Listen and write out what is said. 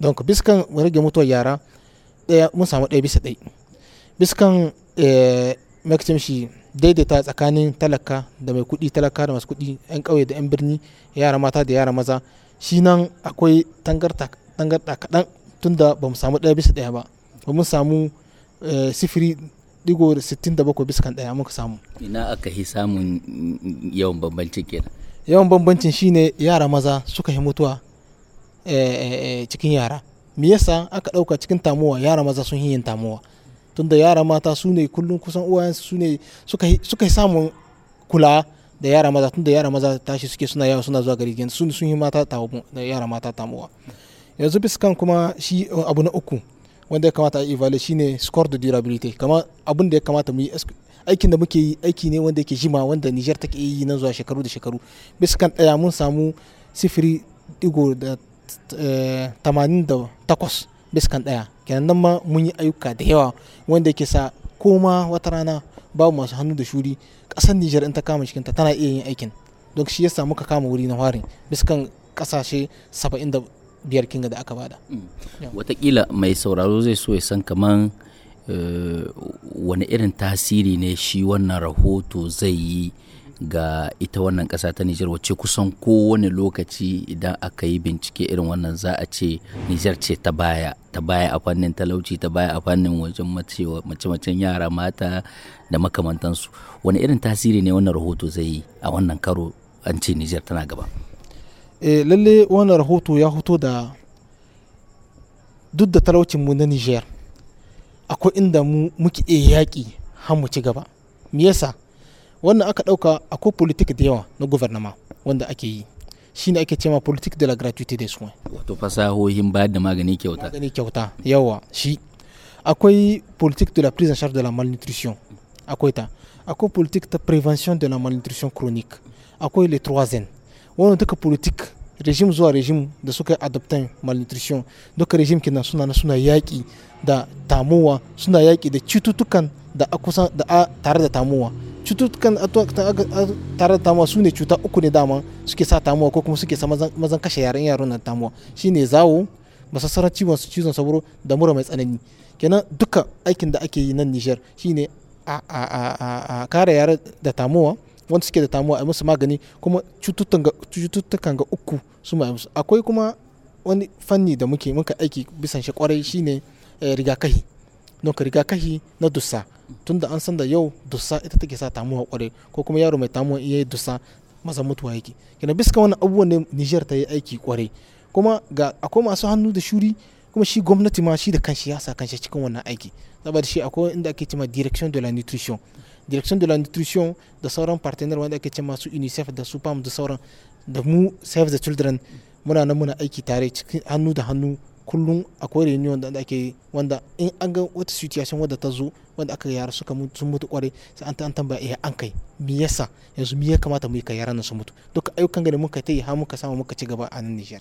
don ku biskan rage mutuwar yara ɗaya mun samu ɗaya bisa ɗai biskan eh, makicin shi daidaita tsakanin talaka da mai kuɗi talaka da masu kuɗi 'yan ƙauye da 'yan birni yara mata da yara maza shi nan akwai tangarta kaɗan tun da ba mu samu ɗaya bisa ɗaya ba ba mu samu eh, sifiri digo da bakwai biskan ɗaya muka samu ina aka yi samun yawan bambancin kenan yawan bambancin shine yara maza suka yi mutuwa Eh, eh, eh, cikin yara me yasa aka ɗauka cikin tamuwa yara maza sun yin tamuwa tunda yara mata su ne kullum kusan uwayensu su ne suka yi samun kula da yara maza tunda yara maza tashi suke suna yawa suna zuwa gari su sun yi mata da yara mata tamuwa yanzu biskan kuma shi abu na uku wanda ya kamata a evaluate shine score da durability kamar abin da ya kamata mu yi aikin da muke yi aiki ne wanda yake jima wanda Niger take yi nan zuwa shekaru da shekaru biskan daya mun samu sifiri digo da 88 biskan ɗaya kenan nan ma mun yi ayyuka da yawa wanda yake sa koma wata rana babu masu hannu da shuri ƙasar Nijar in ta kama cikinta tana iya yin aikin don shi yasa muka kama wuri na warin biskan ƙasashe 75 kinga da aka bada mm. watakila mai sauraro zai so ya san kamar eh, wani irin tasiri ne shi wannan rahoto zai yi ga ita wannan ƙasa ta Nijar wacce kusan kowane lokaci idan aka yi bincike irin wannan za a ce Nijar ce ta baya ta baya a fannin talauci ta baya a fannin wajen mace-macen yara mata da makamantansu wani irin tasiri ne wannan rahoto zai yi a wannan karo an ce Nijar tana gaba e lalle wannan rahoto ya hoto da duk da talaucin mu na Nijar akwai inda mu muke yaƙi har mu ci gaba me yasa wannan aka ɗauka akwai politik da yawa na gouvernement wanda ake yi shi ne ake cewa politik de la gratuité des soins wato fasahohin bayar da magani kyauta magani kyauta yawa shi akwai politik de la prise en charge de la malnutrition akwai ta akwai politik ta prevention de la malnutrition chronique akwai le troisième wannan duka politik rejim zuwa rejim da suka adoptan malnutrition duka rejim kenan suna na suna yaƙi da tamowa suna yaƙi da cututtukan da a tare da tamowa cututtukan tare da tamuwa su ne cuta uku ne dama suke sa tamuwa ko kuma suke sa mazan kashe yaren yaron na tamuwa shine zawo masassarar ciwon su cizon sauro da mura mai tsanani kenan duka aikin da ake yi nan nijar shine a a a a kare yare da tamuwa wanda suke da tamuwa a musu magani kuma cututtukan ga uku su ma musu akwai kuma wani fanni da muke muka aiki bisan shi kwarai shine eh, rigakafi don ka kahi na dusa tunda an san da yau dusa ita take sa tamuwa kwarai ko kuma yaro mai tamuwa iya dusa masa mutuwa yake kina biska wannan abubuwan ne Niger ta yi aiki kwarai kuma ga akwai masu hannu da shuri kuma shi gwamnati ma shi da kanshi ya sa kanshi cikin wannan aiki saboda shi akwai inda ake cewa direction de la nutrition direction de la nutrition da sauran partner wanda ake cewa su unicef da su pam da sauran da mu save the children muna nan muna aiki tare cikin hannu da hannu kullum akwai reunion da ake yi wanda in an ga wata situation wadda ta zo wanda aka yara suka sun mutu kwarai sai an an tambaya eh an kai me yasa yanzu me ya kamata mu yi ka yara na su mutu duka ayyukan da muka ta yi har muka samu muka ci gaba a nan Nijar